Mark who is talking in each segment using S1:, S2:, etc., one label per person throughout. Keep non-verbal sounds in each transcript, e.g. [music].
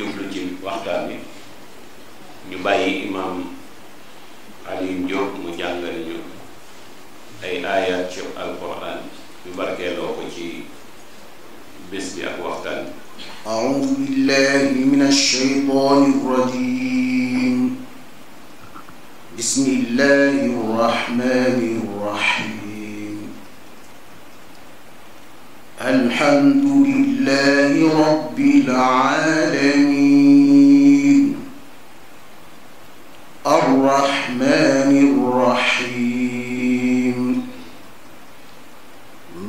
S1: jublu ci ñu bàyyi imaam Alioune Diop mu jàngal ñu ay ayat ci alquran ñu barkeeloo ko ci bés bi ak waxtaan bi
S2: أعوذ بالله من الشيطان الرجيم بسم الله الرحمن الحمد لله رب العالمين الرحمن الرحيم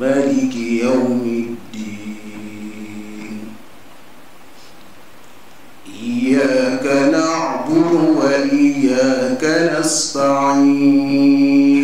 S2: مالك يوم الدين إياك نعبد وإياك نستعين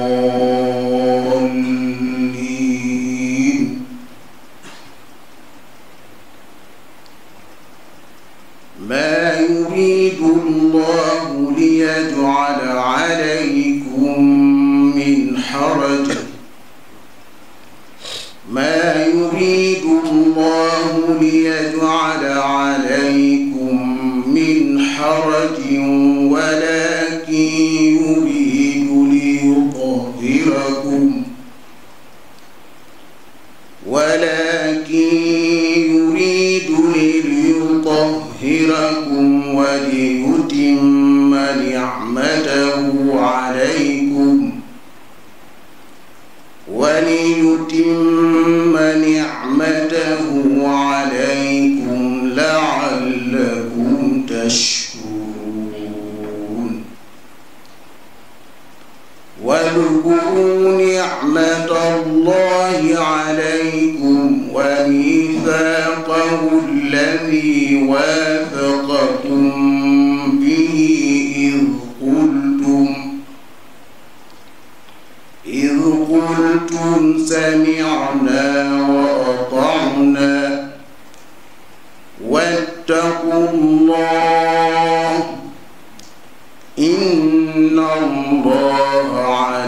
S2: وليتم نعمته عليكم لعلكم تشكرون واذكروا نعمة الله عليكم وميثاقه الذي واثق قلتم سمعنا وأطعنا واتقوا الله إن الله عليم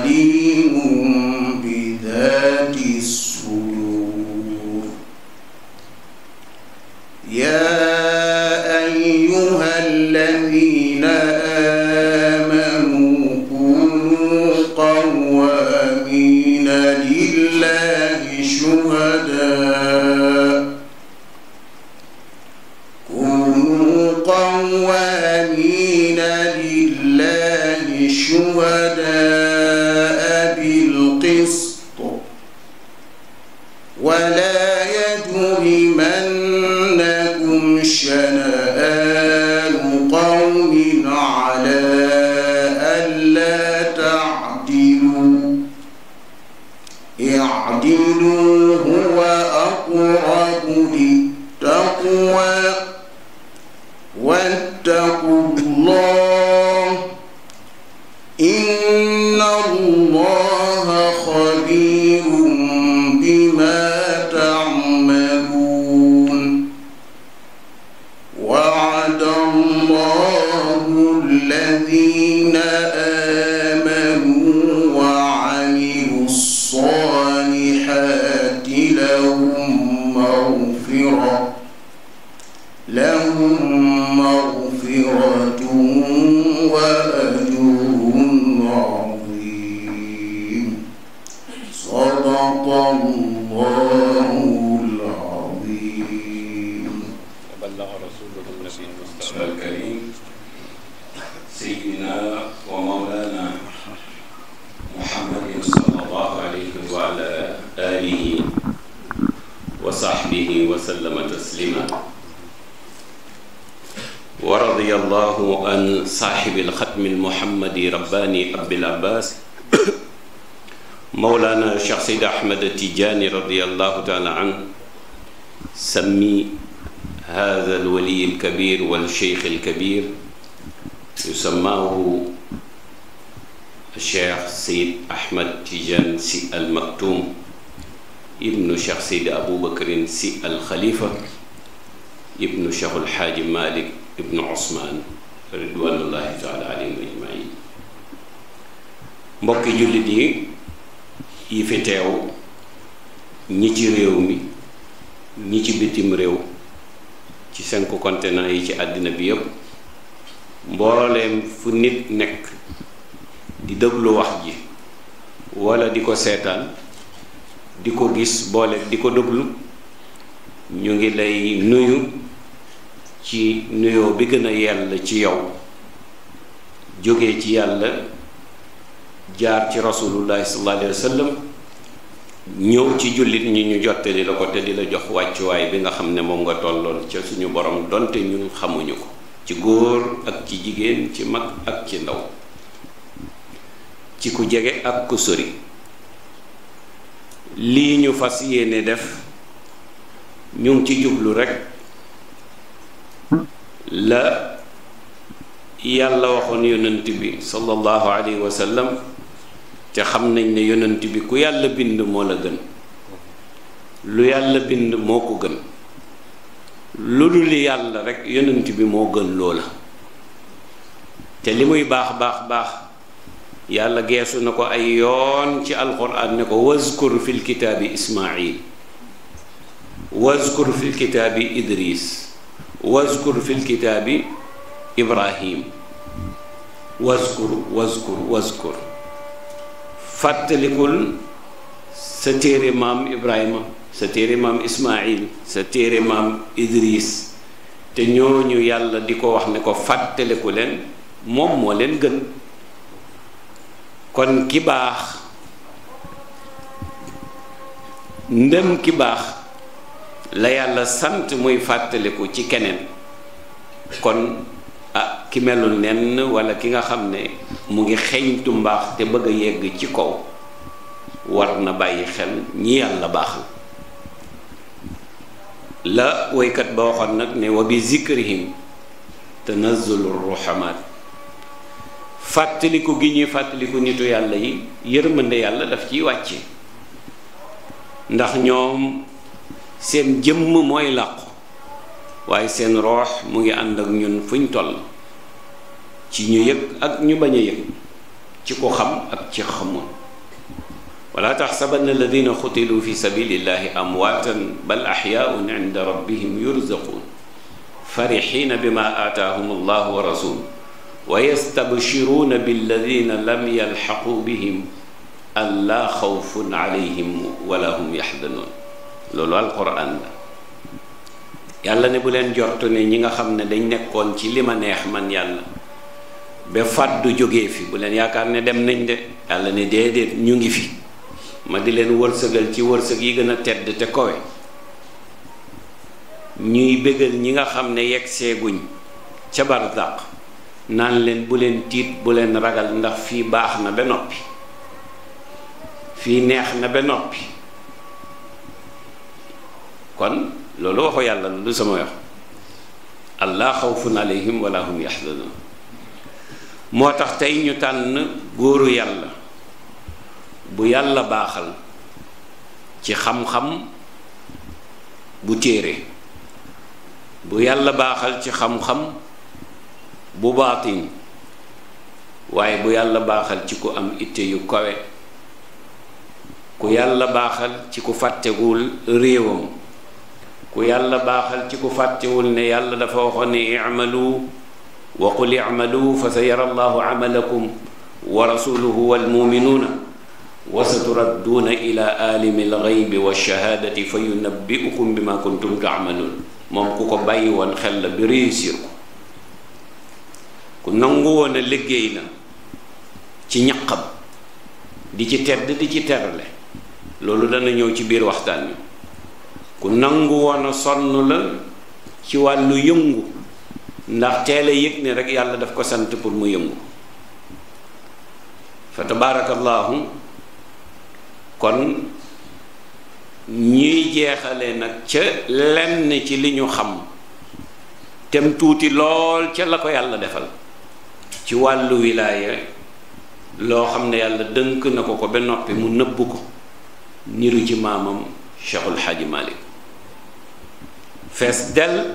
S1: xatmil muhammadi rabbaani abil abbaas mawlaana cheikh seydi ahmad tijaani radiallahu taala an sammi hada alwaliy alkabir walcheikh alkabir yusammaahu cheikh seyd ahmad tijaan si almaktum ibnu cheikh seyd aboubacrin si alxalifa ibnu cheikh alxaaji malik ibnu osmaan ridwanullahi mbokki jullit yi yi fi teew ñi ci réew mi ñi ci bitim réew ci cinq continents yi ci àddina bi yépp mbooleem fu nit nekk di déglu wax ji walla di ko seetaan di ko gis boole di ko déglu ñu ngi lay nuyu ci nuyoo bi gën a yell ci yow jóge ci yàlla jaar ci rasulullahi sallallahu alayhi ñëw ci jullit ñi ñu jottali la ko te di la jox wàccuwaay bi nga xam ne moom nga tolloon ci suñu boroom donte ñun xamuñu ko ci góor ak ci jigéen ci mag ak ci ndaw ci ku jege ak ku sori lii ñu fas yéene def ñu ngi ci jublu rekk la yàlla waxoon yonent bi sallallahu alayhi wa sallam te xam nañ ne yonent bi ku yàlla bind moo la gën lu yàlla bind moo ko gën lu dul yàlla rekk yonent bi moo gën loola te li muy baax baax baax yàlla geesu na ko ay yoon ci alquran ne ko wazkur fil kitaabi ismail wazkur fil kitaabi idris wazkur fil kitaabi ibrahim wazkur wazkur wazkur fàttalikul sa téere maam ibrahima sa téere maam ismail sa téere maam idris te ñooñu yàlla di ko wax ne ko fàttaliku leen moom moo leen gën kon ki baax ndem ki baax la yàlla sant muy fàttaliku ci keneen kon ah ki melul nenn walla ki nga xam ne mu ngi xeeñtu mbaax te bëgg a yegg ci kaw war na bàyyi xel ñi yàlla baax la woykat ba waxoon nag ne wa bi zikrihim tanazzulu ruhamaat fàttaliku gi ñuy fàttaliku nitu yàlla yi yërmande yàlla daf ciy wàcce ndax ñoom seen jëmm mooy làqu waaye seen roox mu ngi ànd ak ñun fuñ toll ci ñu yëg ak ñu bañ a yëg ci ko xam ak ci xamul wala taxsabanna alladina xutilu fi sabilillahi amwaatan bal axyaun inda rabbihim yurzaquun farixina bima aataahum allahu wa rasuluhu wa yastabshiruuna billadina lam yalxaqu bihim allaa xawfun alayhim wala hum yaxzanuun loolu alquran la yàlla ne bu leen jortu ne ñi nga xam ne dañ nekkoon ci li ma neex man yàlla be fàddu jóge fi bu leen yaakaar ne dem nañ de yàlla ne déedéet ñu ngi fi ma di leen wërsëgal ci wërsëg yi gën a tedd te kowe ñuy bëggal ñi nga xam ne yegg seeguñ ca barzaq naan leen bu tiit bu leen ragal ndax fii baax na ba noppi fii neex na ba noppi kon loolu waxu yàlla la du sama wax allah xawfun alayhim wala hum yaxzanun moo tax tey ñu tànn góoru yàlla bu yàlla baaxal ci xam-xam bu téere bu yàlla baaxal ci xam bu baatin waaye bu yàlla baaxal ci ku am itte yu kawe ku yàlla baaxal ci ku fàttewul réewam ku yàlla baaxal ci ku fàttewul ne yàlla dafa waxoon ne i'malu wa qul i'malu fa sayara allahu amalakum wa rasuluhu wal muminuuna wa saturadduuna ila alimi alxaybi walchahaadati fa yunabbiukum bima kuntum taamaluun moom ku ko bàyyi woon xel la bi réussir ko ku nangu woon a liggéey la ci ñaqam di ci tedd di ci terle loolu dana ñëw ci biir waxtaan wi ku nangu woon a sonn la ci wàllu yëngu ndax teel a yëg ne rek yàlla daf ko sant pour mu yëngu fa tabaarakallaahu kon ñuy jeexale nag ca lenn ci li ñu xam tem tuuti lool ca la ko yàlla defal ci wàllu wilaaya loo xam ne yàlla dënk na ko ko ba noppi mu nëbb ko niru ci maamam Cheikhul Xaaji Malik fees dell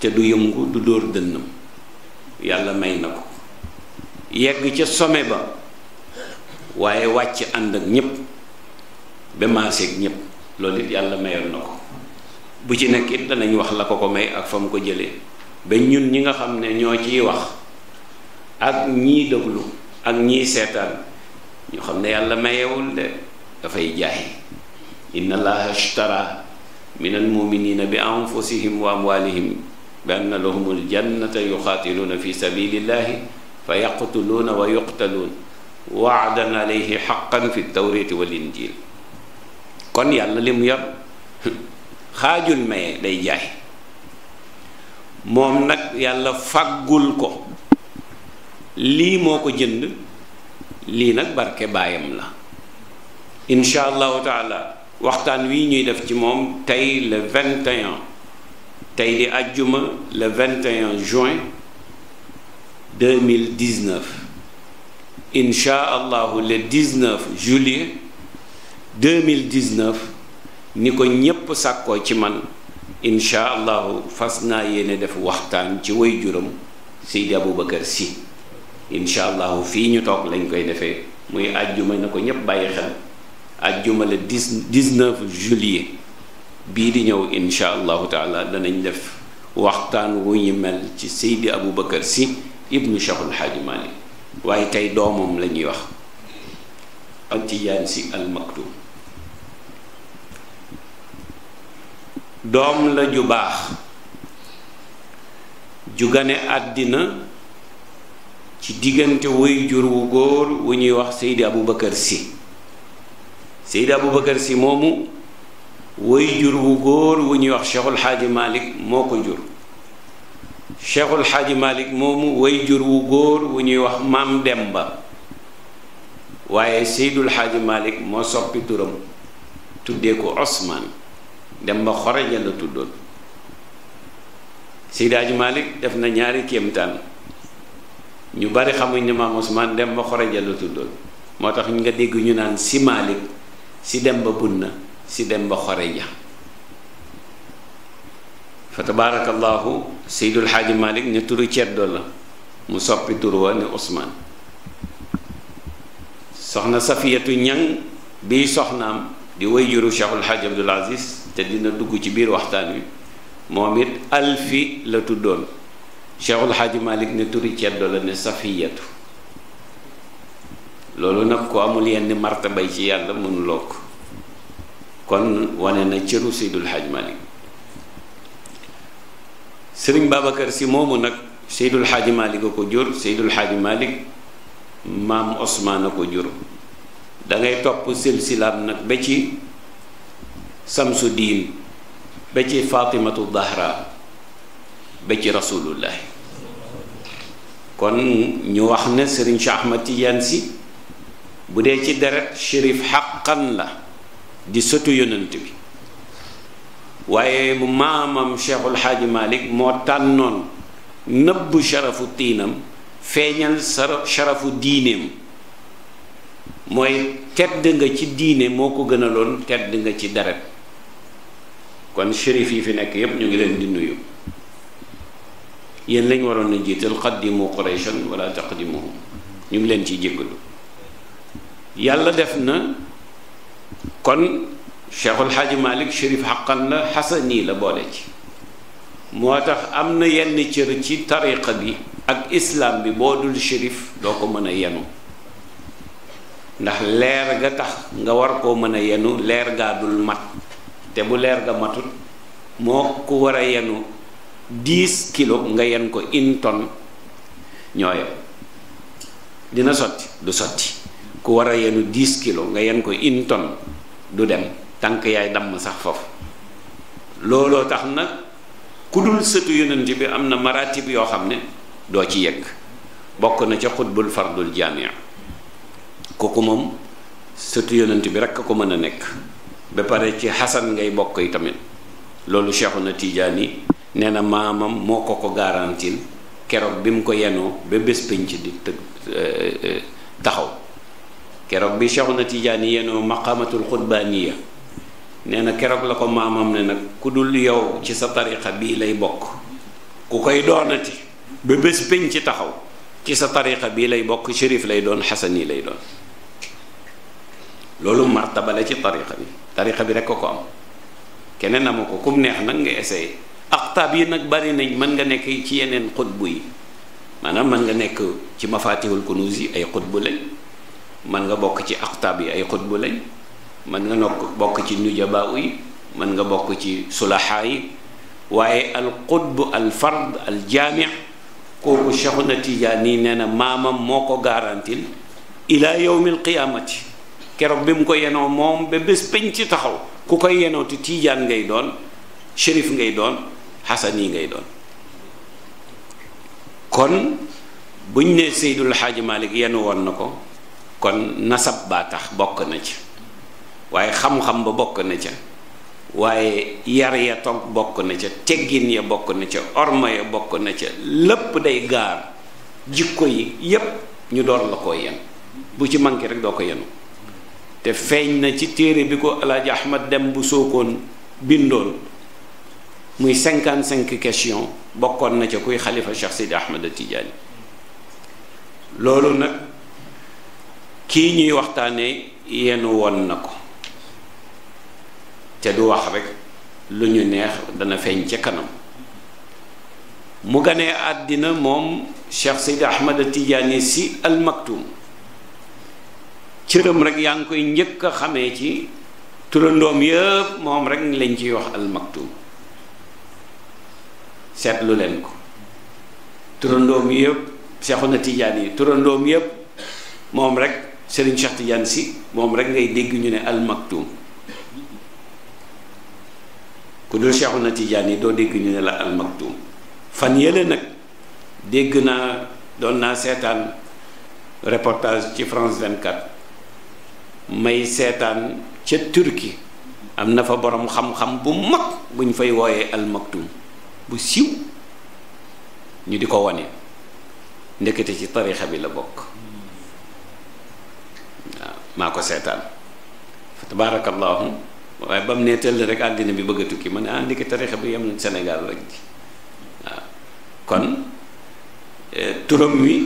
S1: te du yëngu du dóor dënnam yàlla may na ko yegg ca some ba waaye wàcc ànd ak ñépp ba ñépp loolu it yàlla mayoon na ko bu ci nekk it danañ wax la ko ko may ak fa mu ko jëlee ba ñun ñi nga xam ne ñoo ciy wax ak ñii déglu ak ñii seetaan ñu xam ne yàlla mayewul de dafay jaay inna allaha ashtara minal muminina bi anfusihim wa amwalihim bi anna lahumul jannata yuqaatiluuna fi sabilillahi fa yaqtuluuna wa yuqtaluun waadan alayhi xaqan fi tawriti wal injil kon yàlla li mu yor xaajul maye day jaay moom nag yàlla faggul ko lii moo ko jënd lii nag barke baayam la incha allahu taala waxtaan wi ñuy def ci moom tey le 21 tey di ajjuma le 21 juin 2019 incha allahu le 19 juillet 2019 ni ko ñépp sàkkoo ci man incha allahu fas naa yéene def waxtaan ci way juram Seydi Aboubacar Sy incha allahu fii ñu toog lañ koy defee muy ajjuma na ko ñépp bàyyi xel ajjuma le dix dix juillet bii di ñëw incha allahu taala danañ def waxtaan wu ñu mel ci Seydi Aboubacar Sy ibnu Cheikhul Hadji waaye tey doomam la ñuy wax Tijaan si Al Maktoum doom la ju baax ju gane àddina ci diggante wuy jur wu góor wu ñuy wax Seydi Aboubacar si Seydi Aboubacar si moomu woy jur wu góor wu ñuy wax Cheikhul Xaaji Malik moo ko jur Cheikhul Xaaji Malik moomu woy jur wu góor wu ñuy wax Maam Demba waaye Seydul Xaaji Malik moo soppi turam tuddee ko Osmaan Demba Xoreja la tuddoon Seydi Xaaji Malik def na ñaari kéemtaan ñu bari xamuñ ne Maam Osmaan Demba Xoreja la tuddoon moo tax nga dégg ñu naan si Malik si dem ba bunna si dem ba xoreja fa tabaarakallaahu seydul xaaji malik ne turu ceddo la mu soppi tur ne usmaan soxna safiyatu ñang biy soxnaam di wayjuru cheikhul xaaji abdul aziz te dina dugg ci biir waxtaan wi moom it alfi la tuddoon cheikhul xaaji malik ne turu ceddo la ne safiyatu loolu nag ko amul yenn martabay ci yàlla mënuloo ko kon wane na cëru Seydul Haj Malik sëriñ Babacar si moomu nag Seydul Haj Malik a ko jur Seydul Haj Malik maam Osmaan a ko jur dangay topp silsilaam nag ba ci samsu diin ba ci faatimatu dahra ba ci rasulullahi kon ñu wax ne sëriñ Cheikh Ahmad Tidiane si bu dee ci deret shérif xaqan la di sotu yonant bi waaye bu maamam cheikhul xaaji malik moo tànnoon nëbb sharafu tiinam feeñal sara sharafu diineem mooy tedd nga ci diine moo ko gënaloon tedd nga ci deret kon shérif yi fi nekk yépp ñu ngi leen di nuyu yéen lañ waroon na jiital qaddimu qurayshan wala taqdimuhum ñu ngi leen ciy jéggalu yàlla def na kon cheikhul xaaji malik shérif xaqan la xasani la boole ci moo tax am na yenn cër ci tariqa bi ak islaam bi boo dul shérif doo ko mën a yenu ndax leer ga tax nga war koo mën a yenu leer gaa dul mat te bu leer ga matul moo ku war a yenu 10 kilo nga yen ko inton tonne dina sotti du sotti ku war a yenu 10 kilos nga yen ko une du dem tànk yaay damm sax foofu looloo tax na ku dul sëtu yonent bi am na maratib yoo xam ne doo ci yegg bokk na ca xutbul fardul jaamia kooku moom sëtu yonent bi rek a ko mën a nekk ba pare ci xasan ngay bokk yi tamit loolu Cheikhuna Tijaani nee na maamam moo ko ko garantil keroog bi mu ko yenoo ba bés penc di tëgg euh, euh, taxaw keroog bi Cheikhuna Tijaani yenoo maqamatul xutbaaniya nee na keroog la ko maamam ne nag ku dul yow ci sa tariqa bii lay bokk ku koy doonati ba bés piñ ci taxaw ci sa tariqa bii lay bokk shérif lay doon xasan yi lay doon loolu martaba la ci tariqa bi tariqa bi rek ko ko am keneen amu ko kum neex nag nga essayé aqtaab yi nag bari nañ mën nga nekk ci yeneen xutbu yi maanaam mën nga nekk ci mafatihul kunuz yi ay xutbu lañ man nga bokk ci aqtaab yi ay xutbu lañ man nga nokk bokk ci nujabaa yi man nga bokk ci sulaxaa yi waaye al qutb al fard al jaami kooku Cheikhuna Tijaani nee na maamam moo ko garantil ila yowmil qiyaamati keroog bi mu ko yenoo moom ba bés peñ ci taxaw ku koy yenoo tiijaan ngay doon Chérif ngay doon Xasani ngay doon kon buñ ne Seydul Xaaji Malik yenu woon na ko kon nasab baa tax bokk na ci waaye xam-xam ba bokk na ca waaye yar ya toog bokk na ca teggin ya bokk na ca orma ya bokk na ca lépp day gaar jikko yi yépp ñu door la ko yen bu ci manqué rek doo ko yenu te feeñ na ci téere bi ko alaaji ahmad dem bu sookoon bindoon muy cinquante cinq question bokkoon na ca kuy xalifa Cheikh Sidi Ahmad Tidiane loolu nag kii ñuy waxtaanee yenu woon na ko te du wax rekk lu ñu neex dana feeñ ca kanam mu ganee àddina moom Cheikh Seydi Ahmad Tidiane Sy Al Maktoum cëram rek yaa ngi koy njëkk a xamee ci turandoom yépp moom rek lañ ciy wax Al Maktoum seetlu leen ko turandoom yépp Cheikhuna Tidiane yi turandoom yépp moom rekk Serigne Cheikh Tidiane si moom rek ngay dégg ñu ne almaktum ku dul na Tidiane yi doo dégg ñu ne la almaktum fan yële nag dégg naa doon naa seetaan reportage ci France 24 may seetaan ca turki am na fa boroom xam-xam bu mag bu ñu fay wooyee almaktum bu siiw ñu di ko wane ndekete ci tarixa bi la bokk maa ko seetaan fa tabaarakallaahu waaye ba mu nee tëll rek àddina bi bëgg a tukki ma ne ah ndiki tarixa bi yem na Sénégal rek ji waaw kon eh, turam wi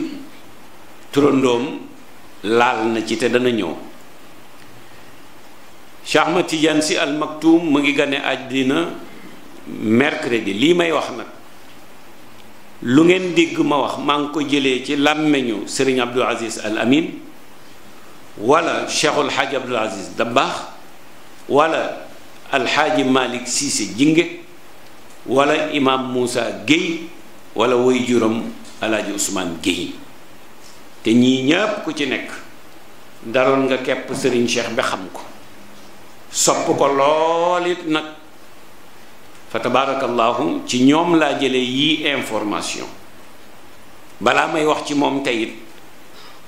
S1: turandoom laal na ci te dana ñëw Cheikh Ahmad Tidiane Sy Al Maktoum mu ngi gane àddina mercredi lii may wax nag lu ngeen dégg ma wax maa ngi ko jëlee ci làmmeñu Serigne Abdou Aziz Al Amin wala Cheikhul Hadj Abdoul Aziz Dabakh walla Alxaaji Malick Cissé Jinge wala Imam Moussa Guèye wala woy juróom Alaaji Ousmane Guèye te ñii ñépp ku ci nekk daroon nga kepp Serigne Cheikh bi xam ko sopp ko lool it nag fa tabaarakallaahu ci ñoom laa jële yi information balaa may wax ci moom tey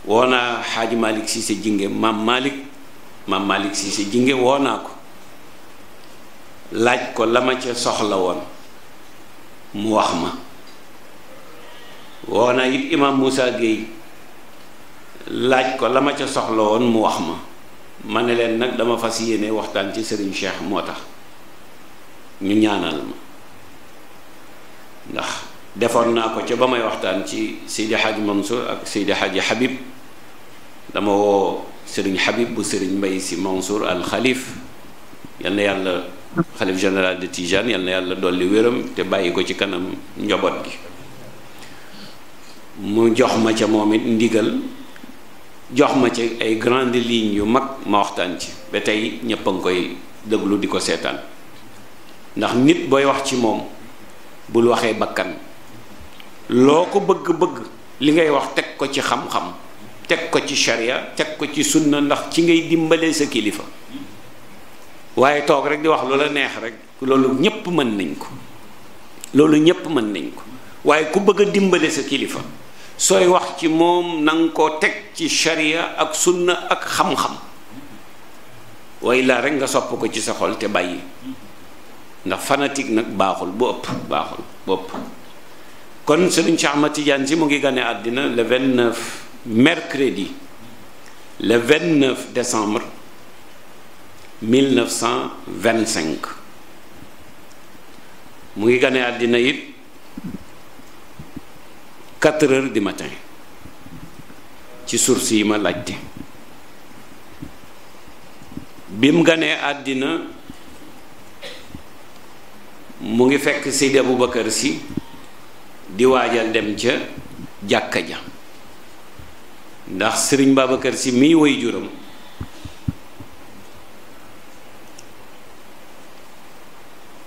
S1: woo naa xaaji Malick Cissé Jinge maam Malick maam Malick Cissé Jinge woo naa ko laaj ko la ma ca soxla woon mu wax ma woo naa it laaj ko la ma ca mu wax ma ma ne leen nag dama fas yéene waxtaan ci Serigne Cheikh moo tax ñu ñaanal ma ndax defoon naa ko ca ba may waxtaan ci Seydi Hadj Mansour ak Seydi Hadj Habib dama woo sëriñ Habib bu sëriñ Mbay si Mansour al xalif yal na yàlla xalif général de Tijane yàlla dolli wéram te bàyyi ko ci kanam njaboot gi mu jox ma ca moom it ndigal jox ma ca ay grandes lignes yu mag ma waxtaan ci ba tey ñëpp a ngi koy déglu di ko seetaan ndax nit booy wax ci moom bul waxee bakkan loo ko bëgg-bëgg li ngay wax teg ko ci xam-xam teg ko ci sharia teg ko ci sunna ndax ci ngay dimbalee sa kilifa waaye toog rek di wax lu la neex rek loolu ñépp mën nañ ko loolu ñépp mën nañ ko waaye ku bëgg a dimbale sa kilifa sooy wax ci moom na nga ko teg ci sharia ak sunna ak xam-xam rek nga sopp ko ci sa xol te bàyyi ndax fanatik nag baaxul bu ëpp baaxul bu ëpp kon Sëriñ Cheikh Ahmad Tidiane si mu ngi gane àddina le mercredi le 29 décembre 1925 mu ngi gane àddina it 4 heures du matin ci source yi ma laajte bi mu ganee àddina mu ngi fekk Seydi Aboubacar si di waajal dem ca jàkka ja ndax sëriñ Babacar si mii woy juram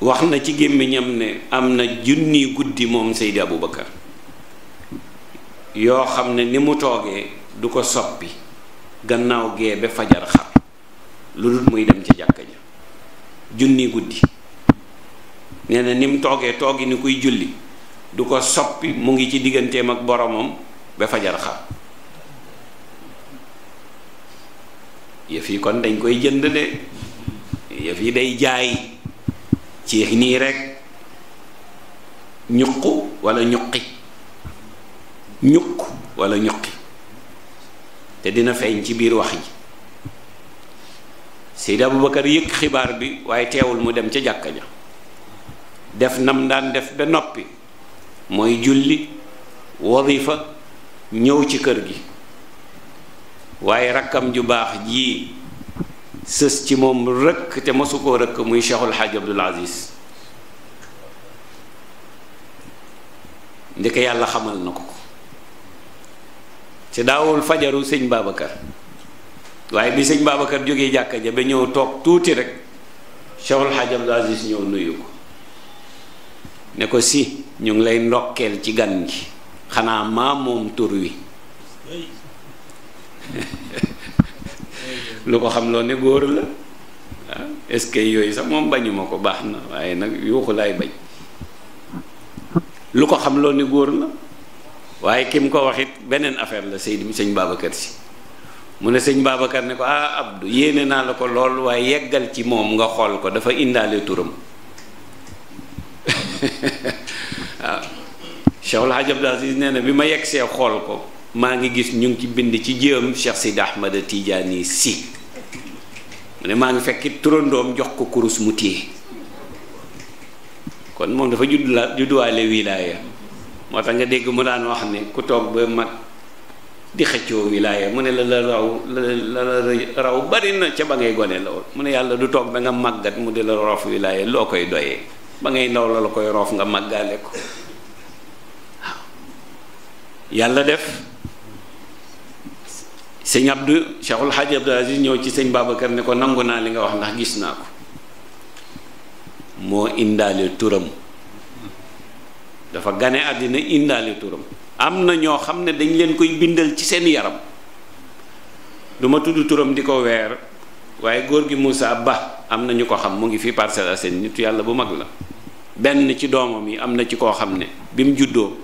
S1: wax na ci gémmiñam ne am na junni guddi moom Seydi Aboubacar yoo xam ne ni mu toogee du ko soppi gannaaw gee ba fajar xar lu dul muy dem ca jàkka ja junni guddi nee na ni mu toogee toogi ni kuy julli du ko soppi mu ngi ci digganteem ak boroomam ba fajar xar yëf yi kon dañ koy jënd de yëf yi day jaay ci nii rekk ñuq wala ñuqi ñuq wala ñuqi te dina feeñ ci biir wax ji Seydi Abubakar yëg xibaar bi waaye teewul mu dem ca jàkka ja def nam daan def ba noppi mooy julli wadifa ñëw ci kër gi waaye rakkam ju baax jii sës ci moom rëkk te mosu koo rëkk muy Cheikhul Hadj Abdoul Aziz ndeke yàlla xamal na ko ko te daawul fajaru sëñ Babacar waaye bi sëñ Babacar jóge jàkka ja ba ñëw toog tuuti rek Cheikhul Hadj Abdoul Aziz ñëw nuyu ko ne ko si ñu ngi lay ndokkeel ci gan gi xanaa maa moom tur wi lu ko xam loo ne góor la ah est-ce yooyu sax moom bañu ko baax na waaye nag yuuxu laay bañ lu ko xam loo ne góor la waaye ki mu ko waxit beneen affaire la Seydi sëñ Babacar si mu ne sëñ Babacar ne ko ah Abdou yéene naa la ko lool waaye yeggal ci moom nga xool ko dafa indaale turam waaw [laughs] ah, Cheikh El Hadj nee na bi ma yegg see xool ko. maa ngi gis ñu ngi ci bind ci jëm Cheikh Sidi tiijaan yi si mu ne maa ngi fekk turandoom jox ko kurus mu téye kon moom dafa judd la judduwaale wilaaya moo tax nga dégg mu daan wax ne ku toog ba mag di xëccoo wilaaya mu ne la la raw la la raw bari na ca ba ngay gone lool mu ne yàlla du toog ba nga màggat mu di la roof wilaaya loo koy doyee ba ngay ndaw la la koy roof nga màggaale ko yàlla def sëñ Abdou Cheikhul Hadj Abdou ñëw ci sëñ Babacar ne ko nangu naa li nga wax ndax gis naa ko moo indaale turam dafa gane àddina indaale turam am na ñoo xam ne dañ leen koy bindal ci seen yaram du ma tudd turam di ko weer waaye góor gi Moussa Ba am na ñu ko xam mu ngi fi Parcelles seen nitu yàlla bu mag la benn ci doomam yi am na ci koo xam ne bi mu juddoo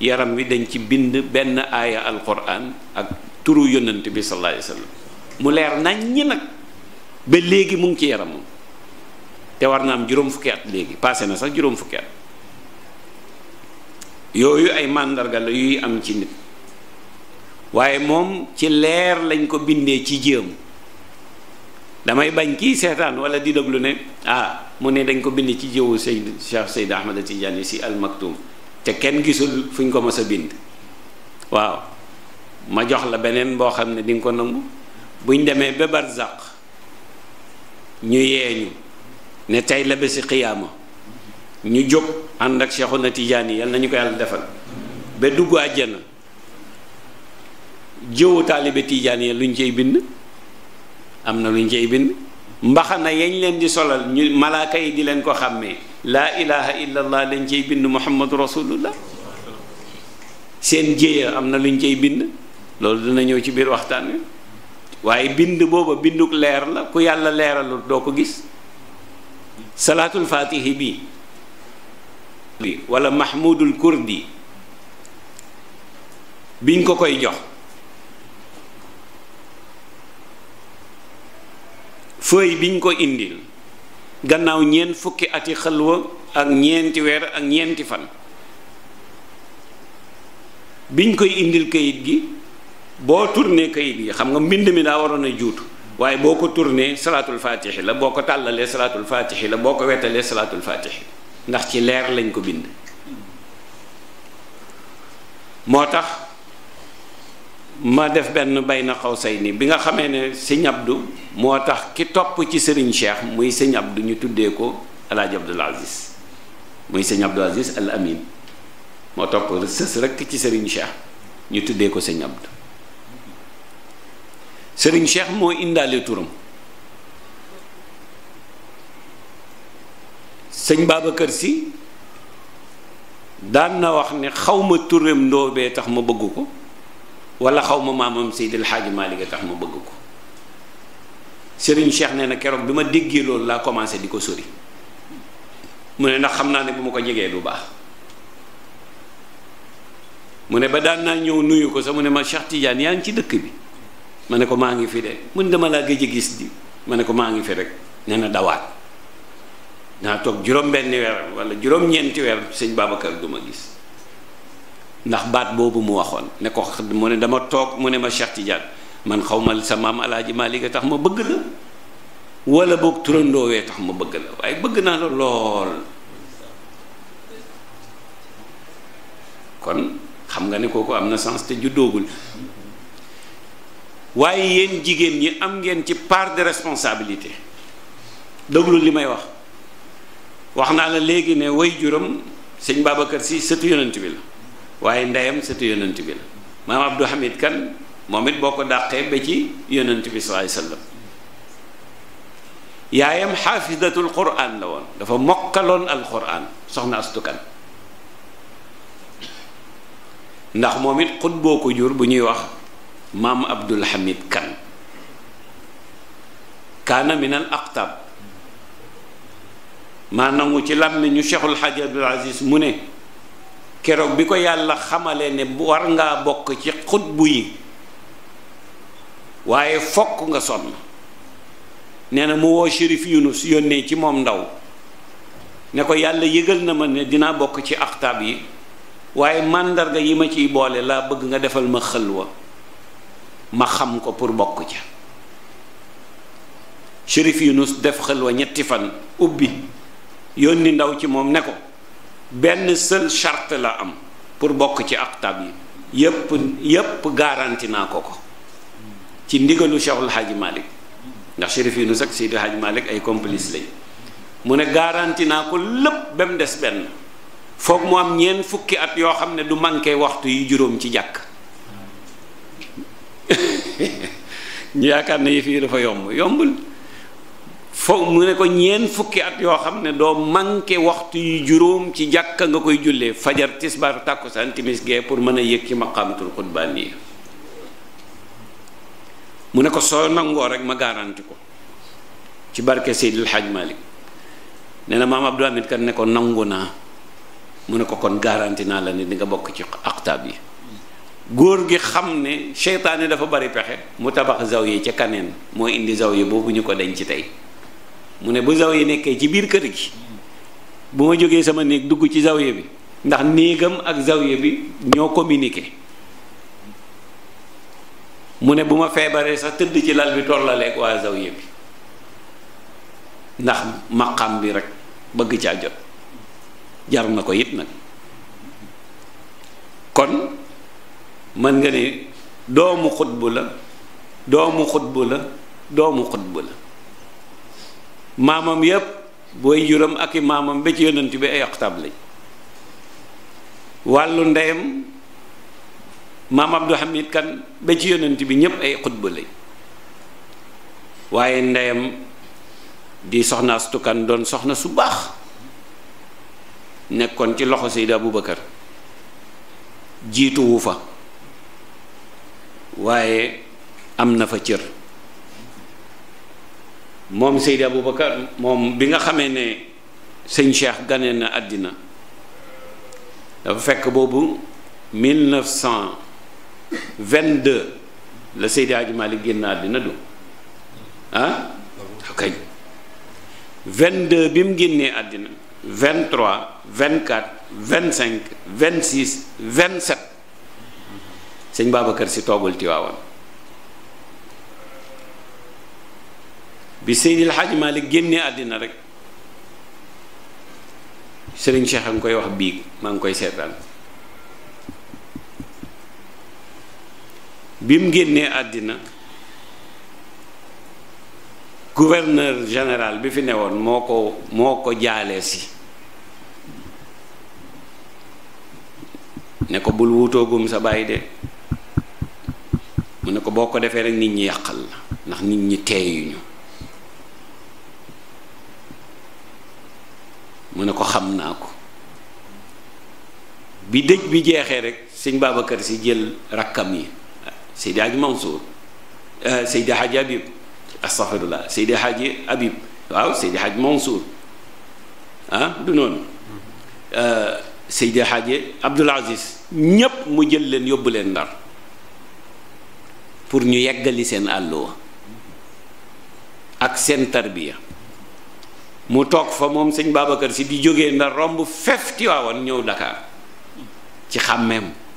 S1: yaram wi dañ ci bind benn aaya alquran ak turu yonent bi sallallahu alayhi wasallam mu leer nañ ñi nag ba léegi mu ngi ci yaramam te war na am juróom fukki at léegi passé na sax juróom fukki at yooyu ay màndarga yuy am ci nit waaye moom ci leer lañ ko bindee ci jéem damay bañ kii seetaan wala di déglu ne ah mu ne dañ ko bind ci jëwu Seyd Cheikh Seyd Ahmad Tidiane si al maktum te kenn gisul fuñ ko mës a bind waaw ma jox la beneen boo xam ne di ko nangu buñ demee ba barzaq ñu yeeñu ne tey la bési xiyaama ñu jóg ànd ak Seexuna Tijaani yal nañu ko yàlla defal ba dugg àjjana jëwu taalibe ya luñ cey bind am na luñ cey bind mbaxana yañ leen di solal ñu malaaka yi di leen ko xàmmee laa ilaha illallah lañ cey bind muhammadu rasulullah seen jéeya am na luñ cey bind loolu dina ñëw ci biir waxtaan wi waaye bind booba binduk leer la ku yàlla leeralut doo ko gis salaatul faatihi bi wala mahmudul kurdi biñ ko koy jox feuille biñ ko indil gannaaw ñeent fukki ati xalwa ak ñeenti weer ak ñeenti fan biñ koy indil kayit gi boo tourné kayit yi xam nga mbind mi daa waroon a juutu waaye boo ko tourné salaatul faatixi la boo ko tàllalee salaatul faatixi la boo ko wettalee salaatul faatixi ndax ci leer lañ ko bind moo tax ma def benn bay na xaw say nii bi nga xamee ne sëñ Abdu moo tax ki topp ci sëriñ Cheikh muy sëñ Abdu ñu tuddee ko alaaji Abdul Aziz muy sëñ Abdul Aziz al Amin moo topp sës rekk ci sëriñ Cheikh ñu tuddee ko sëñ Abdu Serigne Cheikh moo indaale turam sëñ Babacar si daan na wax ne xaw ma turam ndoobee tax ma bëgg ko wala xaw ma maamam Seydil Xaaji Maalik tax ma bëgg ko sëriñ Cheikh nee na keroog bi ma déggee loolu laa commencé di ko sori mu ne ndax xam naa ne bu ma ko jegee du baax mu ne ba daan naa ñëw nuyu ko sax mu ne ma Cheikh Tidiane yaa ngi ci dëkk bi. ma ne ko maa ngi fi de mun dama laa gëj a gis di ma ne ko maa ngi fi rek nee na dawaat naa toog juróom-benni weer wala juróom-ñeenti weer sëñ Babacar du ma gis ndax baat boobu mu waxoon ne ko mu ne dama toog mu ne ma Cheikh Tidiane man xaw ma sa maam Alaaji Maalik tax ma bëgg la wala boog turandoowee tax ma bëgg la waaye bëgg naa la lool kon xam nga ne kooku am na sens te juddoogul waaye yéen jigéen ñi am ngeen ci part de responsabilité déglu li may wax wax naa la léegi ne way juram sëñ kër si sëtu yonent bi la waaye ndeyam sëtu yonent bi la maam Abdou Hamid Kan moom it boo ko dàqee ba ci yonent bi sallallahu alayhi wasallam yaayam xaafidatul quraan la woon dafa mokkaloon al quraan soxna astukan ndax moom it xut boo ko jur bu ñuy wax maam Abdul Hamid Kan kaana min al aqtab maa nangu ci làmmiñu Cheikhul Hadj Abdul Aziz mu ne keroog bi ko yàlla xamale ne war ngaa bokk ci xutbu yi waaye fokk nga sonn nee na mu woo Chérif Yunus yónnee ci moom ndaw ne ko yàlla yëgal na ma ne dinaa bokk ci aqtab yi waaye màndarga yi ma ciy boole laa bëgg nga defal ma xëlwa ma xam ko pour bokk ca Chérif Yunus def xelwa ñetti fan ubbi yónni ndaw ci moom ne ko benn seul charte la am pour bokk ci aktab yi yépp yépp garanti naa ko ko ci ndigalu Cheikhul Hadji Malick ndax Chérif Yunus ak Seydi Hadji Malick ay complice lañ mu ne garanti naa ko lépp ba mu des benn foog mu am ñeent fukki at yoo xam ne du manqué waxtu yi juróom ci jàkk ñu yaakaar na yëf yi dafa yomb yombul fo mu ne ko ñeen fukki at yoo xam ne doo manqué waxtu yu juróom ci jàkka nga koy jullee fajar tisbaar tàkkusaan timis gee pour mën a yëg ci maqaamatul xutbaani mu ne ko soo nangoo rek ma garanti ko ci barke Seydil Hadj Malick nee na maam Abdou Hamid kan ne ko nangu naa mu ne ko kon garanti naa la ne dinga bokk ci aqtaab yi góor gi xam ne seytaane dafa bari pexe mu tabax zaw yi ca kaneen moo indi zaw yi boobu ñu ko denc ci tey mu ne bu zaw yi nekkee ci biir kër gi bu ma jógee sama néeg dugg ci zawiya bi ndax néegam ak zawiya bi ñoo communiqué mu ne bu ma feebaree sax tëdd ci lal bi tollaleeg waa zawiya bi ndax maqam bi rek bëgg caa jot jar na ko it nag kon mën nga ne doomu xutbu la doomu xutbu la doomu xutbu la maamam yépp booy juram ak i maamam ba ci yonent bi ay oxtaab lañ wàllu ndeyam maam Abdou Hamid kan ba ci yonent bi ñépp ay xutbu lañ waaye ndeyam di soxna astukan doon soxna su baax nekkoon ci loxo Seyda Aboubacar jiituwu fa waaye am na fa cër moom Seydi Aboubacar moom bi nga xamee ne sëñ Cheikh gane na àddina dafa fekk boobu 1922 la Seydi Hadji Malick génn àddina du ah kañ 22 bi mu génnee àddina 23 24 25 26 27 sëñ kër si toogul Tiwaawan bi Seydil Hadj Malick génnee àddina rek sëriñ Cheikh a ngi koy wax biig maa ngi koy seetaan bi mu génnee àddina gouverneur général bi fi newoon moo ko moo ko jaalee si ne ko bul wutoogum sa bàyyi de mu ne ko boo ko defee rek nit ñi yàqal la ndax nit ñi teeyuñu mu ne ko xam naa ko bi dëj bi jeexee rek sëñ kër si jël rakkam yi Seydi Hadji Mansour euh, Seydi Hadji Habib astaghfirullah Seydi Hadji Habib waaw Seydi Hadji Mansour ah, du noonu euh, Seydi Hadji Abdoul Aziz ñépp mu jël leen yóbbu leen Ndar pour ñu yeggali seen àlluwa ak seen tarbiya mu toog fa moom sëñ Babacar si di jóge Ndar romb fef Tiwaawan ñëw Dakar ci xàmmeem